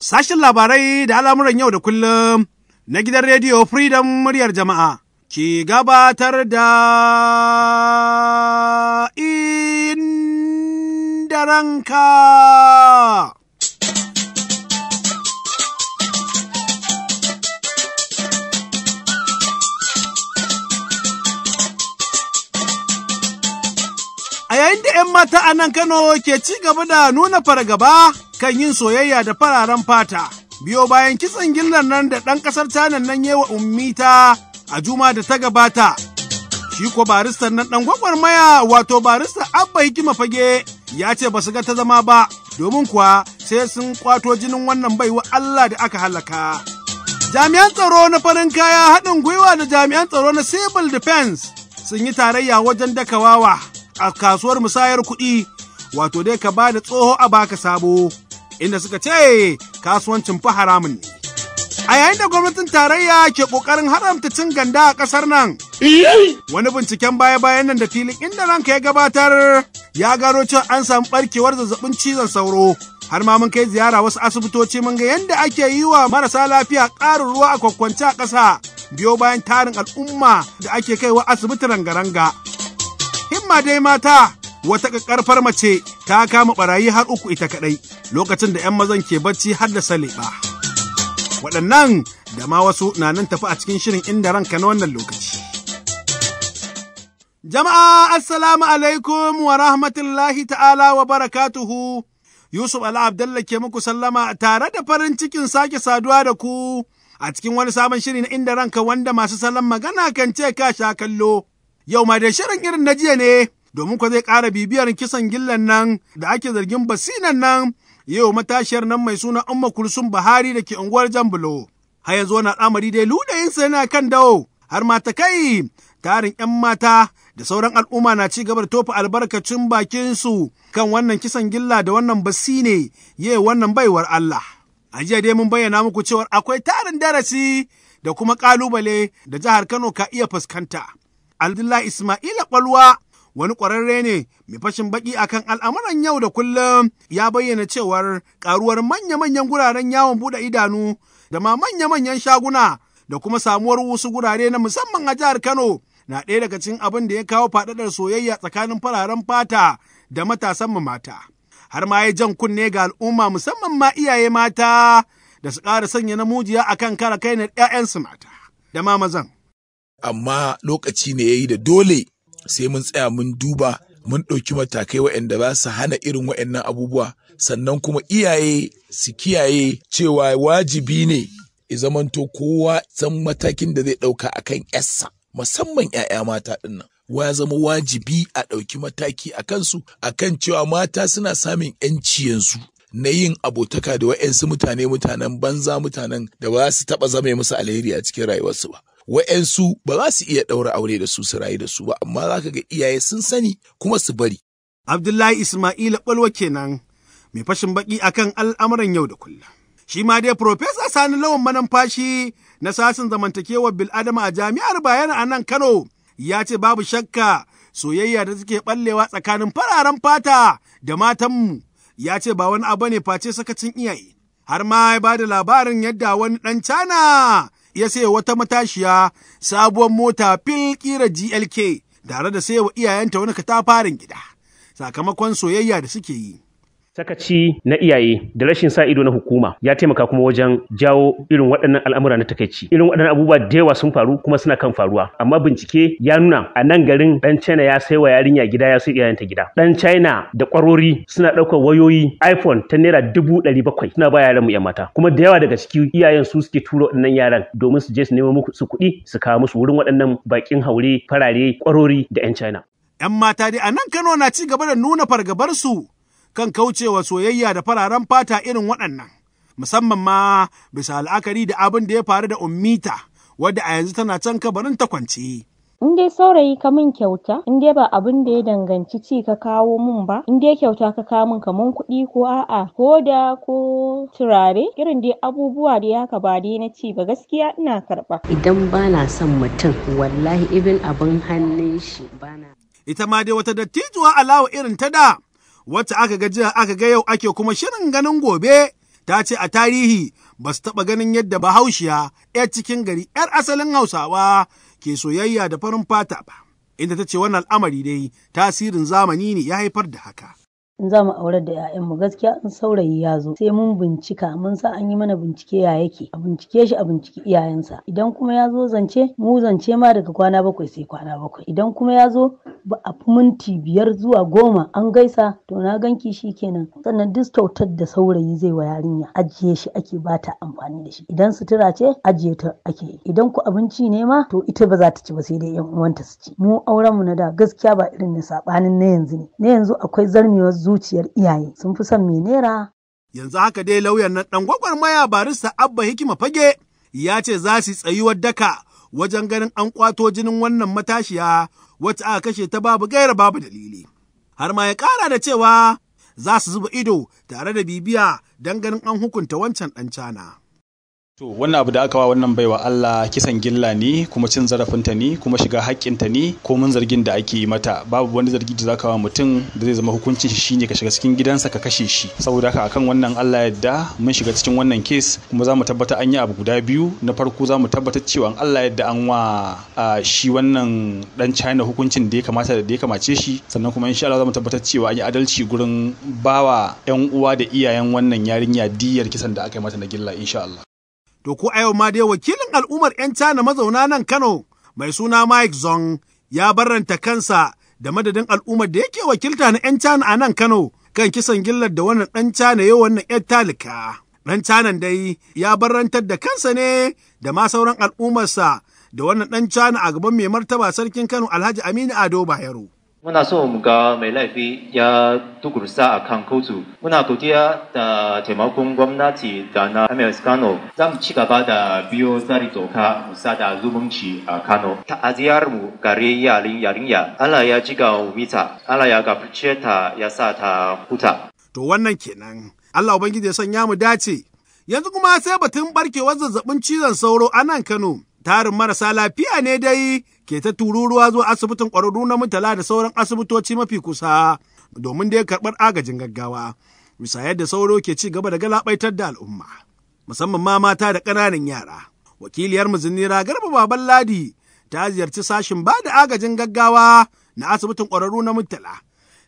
Sashen labarai da al'amuran yau da kullum na gidan Rediyo Freedom muryar jama'a ke gabatar da inda A yayin da ‘yan mata a nan Kano ke ci gaba da nuna fargaba. kan yin soyayya da fararen fata. Biyo bayan kitson gillan nan da ɗan ƙasar canan nan Ummi ta a juma da ta gabata. Shi ko baristan nan ɗan gwagwarmaya wato barista Abba Hikima Fage ya ce ba su ga ta zama ba domin kuwa sai sun kwato jinin wannan baiwa Allah da aka halaka. Jami'an tsaro na farin kaya haɗin gwiwa da jami'an tsaro na civil defense sun yi tarayya wajen dakawawa a kasuwar musayar kuɗi wato dai ka ba da tsoho a baka sabo. inda suka ce kasuwancin fa haramun ne. A yayin da gwamnatin tarayya ke ƙoƙarin haramta cin ganda a ƙasar nan, wani binciken baya-bayan nan da filin inda ranka ya gabatar ya gano cewa an samu ɓarkewar zazzabin cizon sauro. Har ma mun kai ziyara wasu asibitoci mun ga yadda ake yi wa marasa lafiya ƙarin ruwa a kwakwance a ƙasa biyo bayan tarin al'umma da ake kaiwa asibiti ranga-ranga. Himma dai mata wata ƙaƙƙarfar mace ta kama ɓarayi har uku ita kaɗai. lokacin da 'yan mazan ke bacci har da saliba. Waɗannan da ma wasu na nan tafi a cikin shirin inda ranka na wannan lokaci. Jama'a Assalamu alaikum wa rahmatullahi ta'ala wa barakatuhu. Yusuf Ali Abdallah ke muku sallama tare da farin cikin sake saduwa da ku a cikin wani sabon shiri na inda ranka wanda masu salon magana kan ce ka sha kallo. Yau ma da shirin irin na jiya ne domin ku zai ƙara bibiyar kisan gillan nan da ake zargin basinan nan yau matashiyar nan mai suna Umma Kulsum Bahari da ke unguwar Jambulo. Har yanzu wani al'amari dai ludayinsa yana kan dawo, har mata kai tarin 'yan mata da sauran al'umma na ci gaba da tofa albarkacin bakinsu kan wannan kisan gilla da wannan basi ne ye wannan baiwar Allah. A jiya dai mun bayyana muku cewar akwai tarin darasi da kuma ƙalubale da jihar Kano ka iya fuskanta. Abdullahi Ismaila Kwalwa wani ƙwararre ne mai fashin baki akan al'amuran yau da kullum ya bayyana cewar ƙaruwar manya-manyan guraren yawon buɗe idanu da ma manya-manyan shaguna da kuma samuwar wasu gurare na musamman a jihar Kano na ɗaya daga cikin abin da ya kawo faɗaɗar soyayya tsakanin fararen fata da matasan mu mata. Har ma ya jan kunne ga al'umma musamman ma iyaye mata da su ƙara sanya na namujiya akan kara kai na 'ya'yansu mata da ma mazan. Amma lokaci ne ya yi da dole sai mun tsaya mun duba mun ɗauki matakai waɗanda ba su hana irin waɗannan abubuwa sannan kuma iyaye su kiyaye cewa wajibi ne i zamanto kowa san matakin da zai ɗauka a kan yassa musamman 'ya'ya mata ɗinnan. wa zama wajibi a ɗauki mataki a kansu a kan cewa mata suna samun 'yanci yanzu na yin abotaka da wa'yansu mutane mutanen banza mutanen da ba su taɓa zama musu alheri a cikin rayuwarsu ba wa'yansu ba za su iya ɗaura aure da su su rayu da su ba amma za ka ga iyaye sun sani kuma su bari. Abdullahi Ismaila Ɓalwa kenan mai fashin baki akan al'amuran yau da kullum. Shi ma dai Profesa Sani Lawan Manamfashi na sasin zamantakewar Bil'adama a jami'ar Bayero a nan Kano ya ce babu shakka soyayya da suke ɓallewa tsakanin fararen fata da matanmu ya ce ba wani abu ne face sakacin iyaye. Har ma ya ba da labarin yadda wani ɗan cana ya saya wata matashiya sabuwar mota fil kira GLK tare da sai wa iyayenta wani katafarin gida sakamakon soyayya da suke yi. sakaci na iyaye da rashin sa ido na hukuma ya taimaka kuma wajen jawo irin waɗannan al'amura na takaici irin waɗannan abubuwa da yawa sun faru kuma suna kan faruwa amma bincike ya nuna a nan garin ɗan China ya sai wa yarinya gida ya sai iyayenta gida ɗan China da ƙwarori suna ɗaukar wayoyi iPhone ta naira dubu ɗari bakwai suna ba yaran mu yan mata kuma da yawa daga ciki iyayen su suke turo waɗannan yaran domin su je su nemo musu kuɗi su kawo musu wurin waɗannan baƙin haure farare ƙwarori da 'yan China. 'Yan mata dai a nan Kano na ci gaba da nuna fargabarsu kan kaucewa soyayya da fararen fata irin waɗannan, musamman ma bisa al'akari da abin da ya faru da ummita wadda a yanzu tana can kabarin ta kwance. in dai saurayi ka min kyauta in dai ba abin da ya danganci ci ka kawo min ba in dai kyauta ka kawo min kaman kuɗi ko a'a ko da ko turare irin dai abubuwa da ya ka ba dai na ci ba gaskiya ina karɓa idan ba son mutum wallahi ibin abin hannun shi ba na ita ma dai wata dattijuwa alawa irin ta da wacce aka ga jiya aka ga yau ake kuma shirin ganin gobe ta ce a tarihi ba su taɓa ganin yadda bahaushiya 'yar cikin gari 'yar asalin hausawa ke soyayya da farin fata ba inda ta ce wannan al'amari dai tasirin zamani ne ya haifar da haka in za mu aurar da mu gaskiya in saurayi ya zo sai mun bincika mun sa an yi mana bincike ya yake a bincike shi a bincike iyayensa idan kuma ya zo zance mu zance ma daga kwana bakwai sai kwana bakwai idan kuma ya zo ba a minti biyar zuwa goma an gaisa to na ganki shi kenan sannan duk da saurayi zai wa yarinya ajiye shi ake bata amfani da shi idan sutura ce ajiye ta ake idan ku abinci ne ma to ita ba za ta ci ba sai dai yan uwanta su ci mu auren mu na da gaskiya ba irin na sabanin na yanzu ne na yanzu akwai zarmewar zuwa zuciyar iyaye sun fi son mai Yanzu haka dai lauyan nan ɗan gwagwarmaya barista Abba Hikima Fage ya ce za su tsayuwar daka wajen ganin an kwato jinin wannan matashiya wacce aka kashe ta babu gaira babu dalili. Har ma ya ƙara da cewa za su zuba ido tare da bibiya don ganin an hukunta wancan ɗan cana. To wannan abu da aka wa wannan baiwa Allah kisan gilla ne kuma cin zarafinta ne kuma shiga haƙƙinta ne mun zargin da ake yi mata babu wani zargi da zaka wa mutum da zai zama hukuncin shi shine ka shiga cikin gidansa ka kashe shi saboda haka akan wannan Allah yadda mun shiga cikin wannan case kuma za mu tabbata an yi abu guda biyu na farko za mu tabbatar cewa Allah yadda an wa shi wannan dan China hukuncin da ya kamata da ya kamace shi sannan kuma insha Allah za mu tabbatar cewa an yi adalci gurin bawa yan uwa da iyayen wannan yarinya diyar kisan da aka yi mata na gilla insha Allah To ko a yau ma dai wakilin al'ummar 'yan Cana mazauna nan Kano mai suna Mike Zong ya barranta kansa da madadin al'ummar da yake wakilta na 'yan Cana a nan Kano kan kisan gillar da wannan ɗan Cana yau wannan 'yan talika. Ɗan Canan dai ya barrantar da kansa ne da ma sauran al'ummarsa da wannan ɗan Cana a gaban mai martaba sarkin Kano Alhaji Aminu Ado Bayero. muna so mu ga mai laifi ya dukursa a kan kotu muna godiya da taimakon gwamnati da na ms kano za mu ci da biyo tsari doka musa da zumunci a kano ta'aziyar mu gare yarin yarinya allah ya ji ga mita allah ya gafarce ta ya sa ta huta to wannan kenan allah ubangiji ya sanya mu dace yanzu kuma sai batun barkewar zazzabin cizon sauro anan nan kano tarin marasa lafiya ne dai ke ta tururuwa zuwa asibitin ƙwararru na mutala da sauran asibitoci mafi kusa domin dai karɓar agajin gaggawa bisa yadda sauro ke ci gaba da galabaitar da al'umma musamman ma mata da ƙananan yara wakiliyar muzinira garba baban ladi ta ziyarci sashin ba da agajin gaggawa na asibitin ƙwararru na mutala,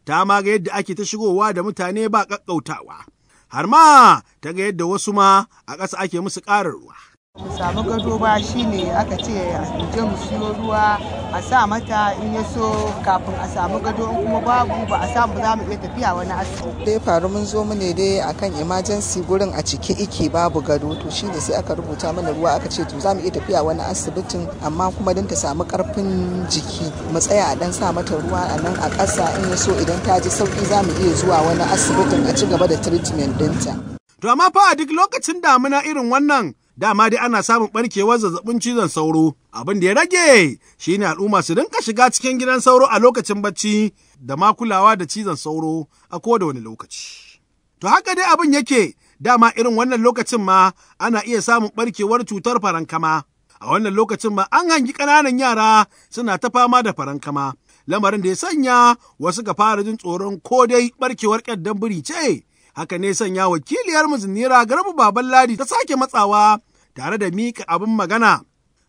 ta ma ga yadda ake ta shigowa da mutane ba ƙaƙƙautawa har ma ta ga yadda wasu ma a ƙasa ake musu ƙarar ruwa Ban samu gado ba shine aka ce in je mu siyo ruwa a sa mata in ya so kafin a samu gado in kuma babu ba a samu za mu iya tafiya wani asibiti. Dai faru mun zo mu ne dai akan emergency gurin a cike ike babu gado to shine sai aka rubuta mana ruwa aka ce to za mu iya tafiya wani asibitin amma kuma don ta samu karfin jiki mu tsaya a dan sa mata ruwa a nan a ƙasa in ya so idan ta ji sauki za mu iya zuwa wani asibitin a ci gaba da treatment ɗinta. To amma fa a duk lokacin damina irin wannan dama dai ana samun barkewar zazzabin cizon sauro abin da ya rage shi ne al'umma su rinka shiga cikin gidan sauro a lokacin bacci da ma kulawa da cizon sauro a ko da wani lokaci to haka dai abin yake dama irin wannan lokacin ma ana iya samun barkewar cutar farankama a wannan lokacin ma an hangi ƙananan yara suna ta fama da farankama lamarin da ya sanya wasu ga fara jin tsoron ko dai barkewar ƙyaddan biri ce haka ne sanya wakiliyar muzinira garba baban ladi ta sake matsawa tare da mika abin magana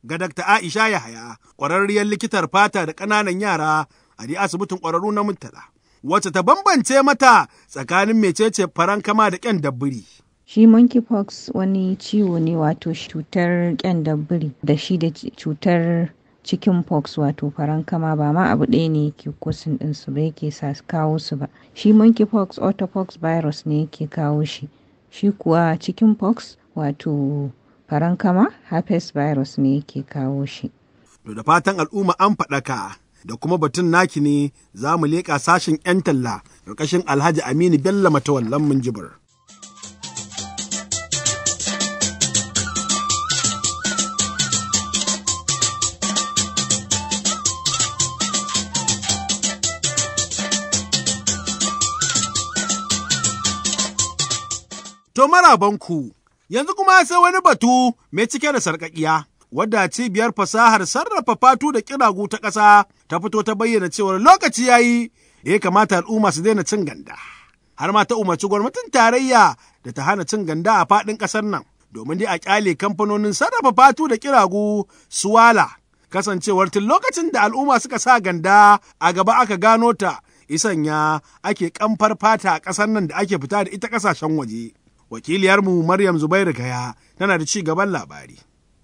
ga Dr. Aisha Yahaya, ƙwararriyar likitar fata da ƙananan yara a dai asibitin ƙwararru na Murtala, wacce ta bambance mata tsakanin mecece faran kama da ƙyan dabbiri. Shi monkeypox wani ciwo ne wato cutar ƙyan dabbiri da shi da cutar cikin pox wato farankama ba ma abu ɗaya ne yake kusan ɗin su ba yake sa kawo su ba shi monkey auto fox virus ne yake kawo shi shi kuwa cikin pox wato farankama herpes virus ne yake kawo shi to da fatan al'umma an faɗaka da kuma batun naki ne za mu leƙa sashen 'yan talla ƙarƙashin alhaji aminu bello matawallan mun jibir To marabanku, yanzu kuma sai wani batu mai cike da sarƙaƙiya. Wadda cibiyar fasahar sarrafa fatu da ƙiragu ta ƙasa ta fito ta bayyana cewar lokaci ya yi, ya kamata al'umma su daina cin ganda. Har ma ta umarci gwamnatin tarayya da ta hana cin ganda a faɗin ƙasar nan, domin dai a ƙyale kamfanonin sarrafa fatu da ƙiragu su wala. Kasancewar tun lokacin da al'umma suka sa ganda a gaba aka gano ta, isanya ake ƙamfar fata a ƙasar nan da ake fita da ita ƙasashen waje. wakiliyarmu Maryam Zubairu Kaya tana da ci gaban labari.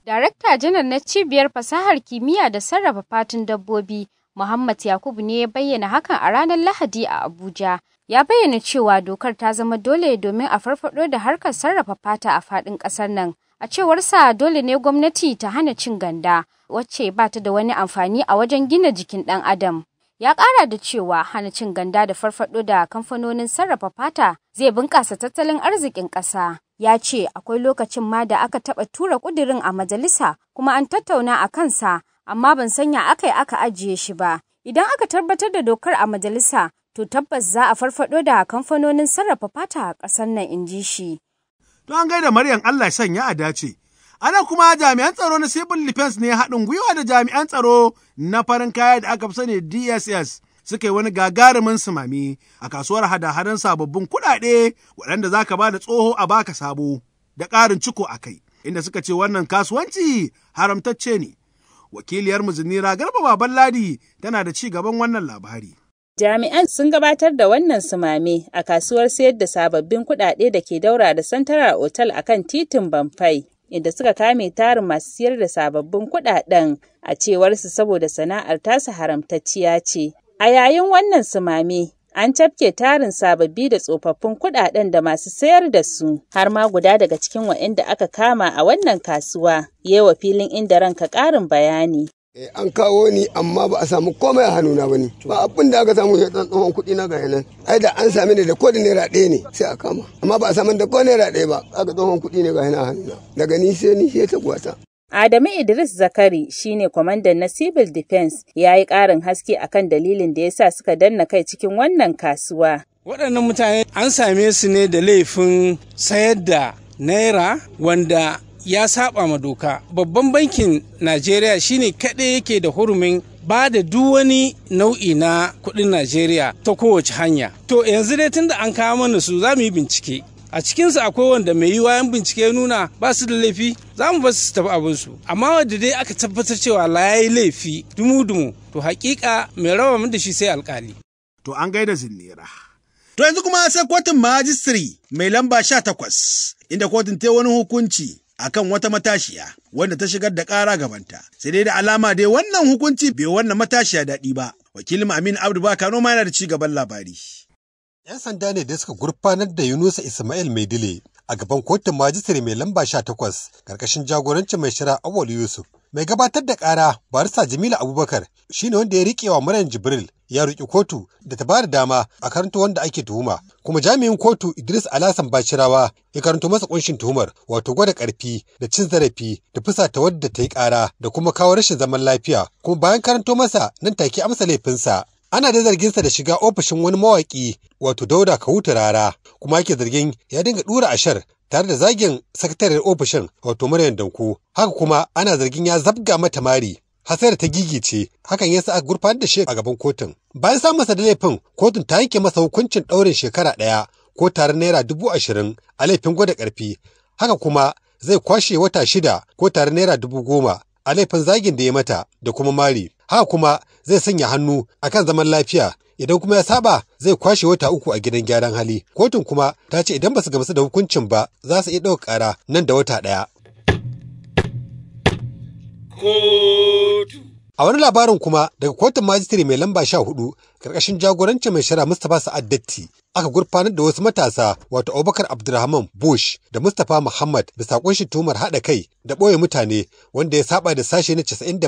Darakta janar na cibiyar fasahar kimiyya da sarrafa fatin dabbobi Muhammad Yakubu ne ya bayyana hakan a ranar Lahadi a Abuja. Ya bayyana cewa dokar ta zama dole domin a farfado da harkar sarrafa fata a faɗin ƙasar nan. A cewar sa dole ne gwamnati ta hana cin ganda, wacce ba ta da wani amfani a wajen gina jikin ɗan Adam. ya ƙara da cewa hana cin ganda da farfaɗo da kamfanonin sarrafa fata zai bunƙasa tattalin arzikin ƙasa. Ya ce akwai lokacin ma da aka taɓa tura kudirin a majalisa kuma an tattauna a kansa amma ban sanya aka yi aka ajiye shi ba. Idan aka tabbatar da dokar a majalisa to tabbas za a farfaɗo da kamfanonin sarrafa fata a ƙasar nan in ji shi. To an gaida Maryam Allah sanya a dace. Ana kuma jami'an tsaro na civil defense ne haɗin gwiwa da jami'an tsaro na farin kaya da aka fi sani DSS suka yi wani gagarumin sumami a kasuwar hada-hadan sababbin kuɗaɗe waɗanda za ka ba da tsoho a baka sabo da ƙarin ciko a kai inda suka ce wannan kasuwanci haramtacce ne. Wakiliyar Muzinira Garba Baban Ladi tana da ci gaban wannan labari. Jami'an sun gabatar da wannan sumame a kasuwar sayar da sababbin kuɗaɗe da ke daura da santarar otal a kan titin Bamfai, inda suka kame tarin masu siyar da sababbin kuɗaɗen a cewarsu saboda sana'ar tasu haramtacciya ce. A yayin wannan sumame, an cafke tarin sababbi da tsofaffin kuɗaɗen da masu sayar da su har ma guda daga cikin waɗanda aka kama a wannan kasuwa yewa filin inda ranka ƙarin bayani Eh, an kawo ni amma ba a samu komai a hannuna ba ne ba abin da aka samu shaitan tsohon kuɗi na gaya nan ai da an sami ni da kodin naira ɗaya ne sai a kama amma ba a samu da kodin naira ɗaya ba aka tsohon kuɗi ne gaya na hannuna daga ni sai ni sai ta gwata Adamu Idris Zakari shine kwamandan na Civil Defense ya yi ƙarin haske akan dalilin da ya sa suka danna kai cikin wannan kasuwa. Waɗannan mutane an same su ne da laifin sayar da naira wanda ya saba ma doka babban bankin najeriya shine kaɗai yake da hurumin ba da duk wani nau'i na kuɗin najeriya ta kowace hanya to yanzu dai tunda an kawo mana su za mu yi bincike a cikinsu akwai wanda mai yi wayan bincike nuna ba su da laifi za mu ba su tafi abinsu amma wanda dai aka tabbatar cewa layayi laifi dumu-dumu to hakika mai raba min da shi sai alkali. to an gaida zinnera to yanzu kuma sai kotun majistri mai lamba sha inda kotun ta wani hukunci akan wata matashiya wanda ta shigar da ƙara gabanta. Sai dai da alama dai wannan hukunci bai wannan matashiya daɗi ba. Wakilin Amin Abdu ba Kano ma yana da ci gaban labari. 'Yan sanda ne da suka gurfanar da Yunusa Ismail Maidile a gaban kotun majistare mai lamba 18 karkashin jagorancin mai shara Awal Yusuf. Mai gabatar da ƙara barista Jamila Abubakar shine wanda ya riƙe wa Maryam Jibril ya roƙi kotu da ta bada dama a karanto wanda ake tuhuma kuma jami'in kotu Idris Alasan Bacirawa ya karanto masa kunshin tuhumar wato gwada ƙarfi da cin zarafi da ta wadda ta yi ƙara da kuma kawo rashin zaman lafiya kuma bayan karanto masa nan take amsa laifinsa ana da zargin sa da shiga ofishin wani mawaƙi wato Dauda Kawuta Rara kuma yake zargin ya dinga ɗura ashar tare da zagin sakataren ofishin wato Maryam Danko haka kuma ana zargin ya zabga mata mari hasayar ta ce, hakan yasa aka gurfanar da shi a gaban kotun bayan samun masa da laifin kotun ta yanke masa hukuncin ɗaurin shekara ɗaya ko tarin naira dubu ashirin a laifin gwada ƙarfi haka kuma zai kwashe wata shida ko tarin naira dubu goma a laifin zagin da ya mata da kuma mari haka kuma zai sanya hannu akan zaman lafiya idan kuma ya saba zai kwashe wata uku a gidan gyaran hali kotun kuma ta ce idan ba su gamsu da hukuncin ba za su iya ɗauka ƙara nan da wata ɗaya kotu. A wani labarin kuma daga kotun majistare mai lamba sha hudu karkashin jagorancin mai shara Mustapha Sa'ad Datti aka gurfanar da wasu matasa wato Abubakar Abdulrahman Bush da Mustapha Muhammad bisa shi tumar haɗa kai da ɓoye mutane wanda ya saba da sashe na 97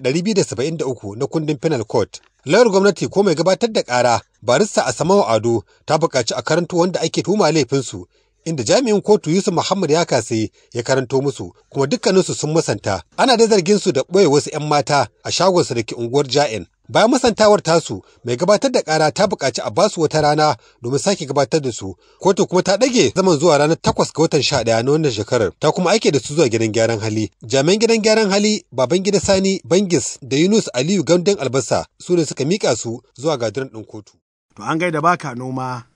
da 273 na kundin Penal Court. Layar gwamnati ko mai gabatar da ƙara barista a samawa ado ta buƙaci a karanto wanda ake tuma laifinsu inda jami'in kotu Yusuf Muhammad ya kase ya karanto musu kuma dukkaninsu sun musanta ana da zargin su da ɓoye wasu 'yan mata a shagonsu da ke unguwar Ja'in bayan musantawar tasu mai gabatar da kara ta buƙaci a basu wata rana domin sake gabatar da su kotu kuma ta ɗage zaman zuwa ranar takwas ga watan sha ɗaya na wannan shekarar ta kuma aike da su zuwa gidan gyaran hali jami'an gidan gyaran hali baban gida sani bangis da yunus aliyu gandun albasa su ne suka mika su zuwa gadiran ɗin kotu to an gaida baka noma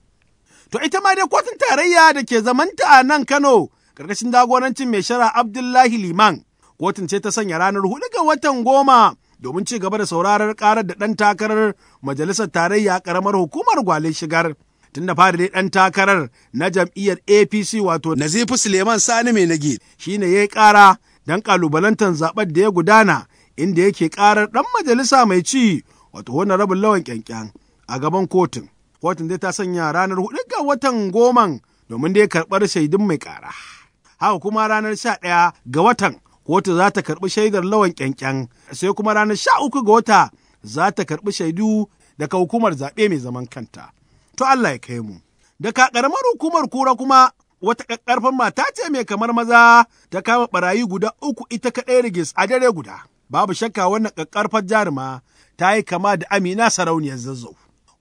To ita ma dai kotun tarayya da ke zamanta a nan Kano ƙarƙashin jagorancin mai shara Abdullahi Liman. Kotun ce ta sanya ranar hudu ga watan goma domin ci gaba da sauraron ƙarar da ɗan takarar majalisar tarayya ƙaramar hukumar gwale shigar. tun da fari dai ɗan takarar na jam'iyyar APC wato Nazifu Suleiman Sani mai nage shi ne ya yi ƙara don ƙalubalantar zaɓen da ya gudana inda yake ƙarar ɗan majalisa mai ci wato wani rabin lawan kyankyan a gaban kotun. kotun dai ta sanya ranar hudu ga watan goman domin dai karɓar shaidun mai ƙara. Haka kuma ranar sha ɗaya ga watan kotu za ta karɓi shaidar lawan kyankyan sai kuma ranar sha uku ga wata za ta karɓi shaidu daga hukumar zaɓe mai zaman kanta. To Allah ya kai mu. Daga ƙaramar hukumar kura kuma wata ƙaƙƙarfan mata ce mai kamar maza ta kama ɓarayi guda uku ita kaɗai rigis a dare guda. Babu shakka wannan ƙaƙƙarfan jaruma ta yi kama da Amina sarauniyar zazzau.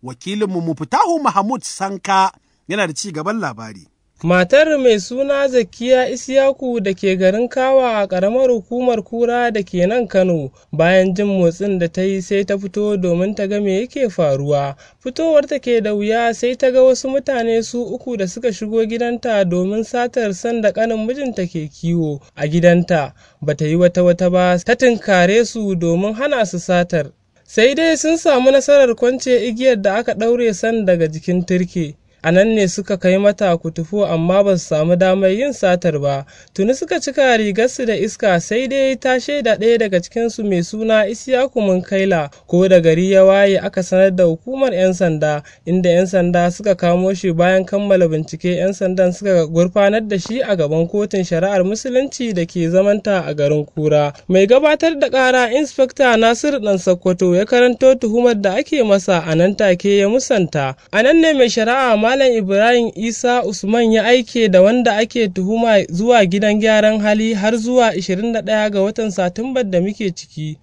wakilinmu mufitahu mahmud sanka yana da ci gaban labari matar mai suna zakiya isiyaku da ke garin kawa a ƙaramar hukumar kura da ke nan kano bayan jin motsin da ta yi sai ta fito domin ta ga me yake faruwa fitowar ta ke da wuya sai ta ga wasu mutane su uku da suka shigo gidanta domin satar sanda ƙanin mijinta ke kiwo a gidanta bata yi wata wata ba ta tinkare su domin hana su satar sai dai sun samu nasarar kwance igiyar da aka ɗaure San daga jikin turke. a nan ne suka kai mata kutufu amma ba su samu damar yin satar ba tuni suka cika rigarsu da iska sai dai ta shaida ɗaya daga cikinsu mai suna isiyaku munkaila ko da gari ya waye aka sanar da hukumar 'yan sanda inda 'yan sanda suka kamo shi bayan kammala bincike 'yan sandan suka gurfanar da shi a gaban kotun shari'ar musulunci da ke zamanta a garin kura mai gabatar da kara inspekta nasiru dan sakkwato ya karanto tuhumar da ake masa a nan take ya musanta a nan ne mai shari'a Malam Ibrahim Isa Usman ya aike da wanda ake tuhuma zuwa gidan gyaran hali har zuwa 21 ga watan Satumbar da muke ciki.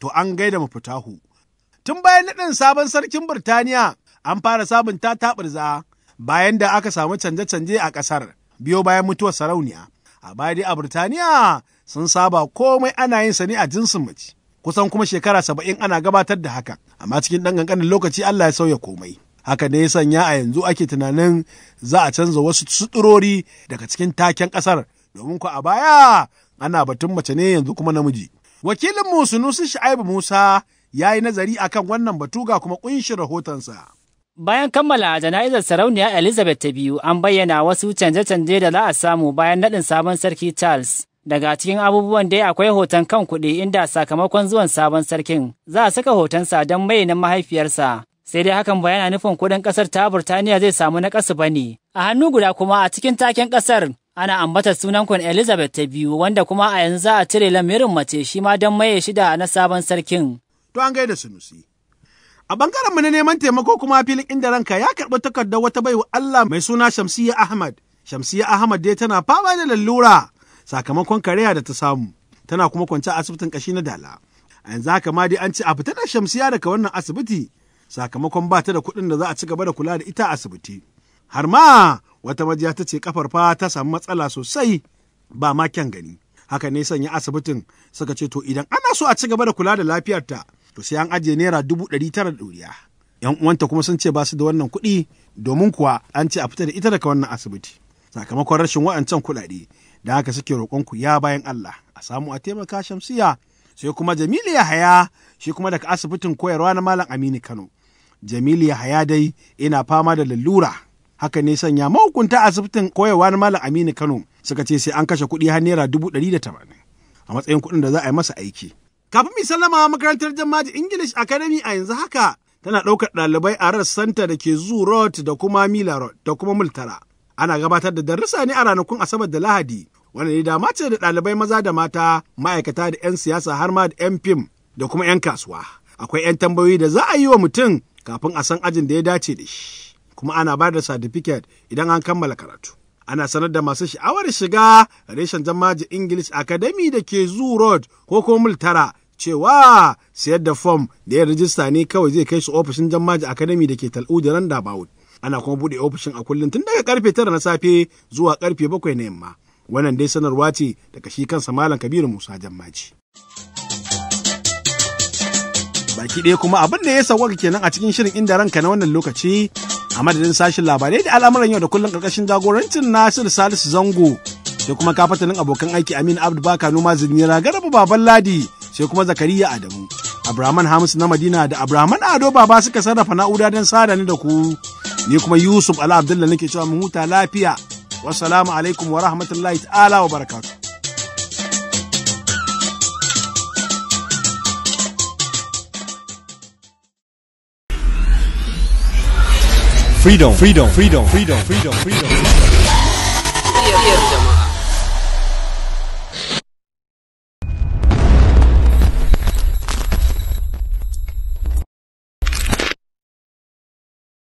To an gaida mafitahu. Tun bayan naɗin sabon sarkin Birtaniya an fara samun taɓarza bayan da aka samu canje-canje a ƙasar biyo bayan mutuwar sarauniya. A baya dai a Birtaniya sun saba komai ana yin sa ne a jinsin mace. Kusan kuma shekara saba'in ana gabatar da haka, amma cikin ɗan ƙanƙanin lokaci Allah ya sauya komai. haka ne ya sanya a yanzu ake tunanin za a canza wasu suturori daga cikin taken kasar domin ku a baya ana batun mace ne yanzu kuma namiji wakilin mu sunusi sha'ibu musa ya yi nazari akan wannan batu ga kuma kunshi rahotonsa Bayan kammala jana'izar sarauniya Elizabeth ta biyu, an bayyana wasu canje-canje da za a samu bayan naɗin sabon sarki Charles. Daga cikin abubuwan dai akwai hoton kan kuɗi inda sakamakon zuwan sabon sarkin za a saka hotonsa don mai na mahaifiyarsa sai dai hakan ba yana nufin kuɗin kasar ta Burtaniya zai samu na kasu ba A hannu guda kuma a cikin taken kasar ana ambata sunan kun Elizabeth ta biyu wanda kuma a yanzu za a cire lamirin mace shi ma don maye shida na sabon sarkin. To an gaida Sunusi. A bangaren mu na neman taimako kuma filin inda ranka ya karɓi takardar wata baiwa Allah mai suna Shamsiyya Ahmad. Shamsiyya Ahmad dai tana fama da lallura sakamakon kariya da ta samu. Tana kuma kwance a asibitin kashi na dala. A yanzu haka ma dai an ce a fita da Shamsiyya daga wannan asibiti sakamakon ba ta da kuɗin da za a ci gaba da kula da ita asibiti. Har ma wata majiya ta ce kafar fa ta samu matsala sosai ba ma kyan gani. Haka ne sanya asibitin suka ce to idan ana so a ci gaba da kula da lafiyarta to sai an ajiye naira dubu ɗari tara da ɗuriya. ‘Yan uwanta kuma sun ce ba su da wannan kuɗi domin kuwa an ce a fita da ita daga wannan asibiti. Sakamakon rashin wa'ancan kuɗaɗe da haka suke ku ya bayan Allah a samu a taimaka shamsiya sai kuma Jamilu haya, shi kuma daga asibitin koyarwa na Malam Aminu Kano. Jamilu Yahaya dai ina fama da lalura. Haka ne sanya mahukunta asibitin koyarwa na Malam Aminu Kano suka ce sai an kashe kuɗi har naira dubu ɗari da tamanin a matsayin kuɗin da za a yi masa aiki. Kafin mu sallama makarantar Jammaji English Academy a yanzu haka tana ɗaukar ɗalibai a santa da ke Zoo Road da kuma Mila Road da kuma Multara. Ana gabatar da darussa ne a ranakun Asabar da Lahadi wanda ne dama ce da ɗalibai maza da mata ma'aikata da 'yan siyasa har ma da 'yan fim da kuma 'yan kasuwa. Akwai 'yan tambayoyi da za a yi wa mutum kafin a san ajin da ya dace da shi kuma ana ba da certificate idan an kammala karatu ana sanar da masu sha'awar shiga reshen jamaji english academy da ke zoo road ko kuma tara cewa sayar da fom da ya rijista ne kawai zai kai su ofishin jamaji academy da ke tal'udu randa dabawud ana kuma buɗe ofishin a kullum tun daga karfe tara na safe zuwa karfe bakwai na yamma wannan dai sanarwa ce daga shi kansa malam kabiru musa jammaci. baki ɗaya kuma abin da ya sauwaka kenan a cikin shirin inda ranka na wannan lokaci a madadin sashen labarai da al'amuran yau da kullum ƙarƙashin jagorancin Nasiru Salisu Zango sai kuma kafatanin abokan aiki Aminu Abdu Baka Noma Zinira Garba Baban Ladi sai kuma Zakariya Adamu Abraman Hamisu na Madina da abrahaman Ado Baba suka sarrafa na'ura don sada ni da ku ni kuma Yusuf Ala Abdullahi nake cewa mu huta lafiya wassalamu alaikum wa rahmatullahi ta'ala wa barakatuh 非常非常非常非常非常非常。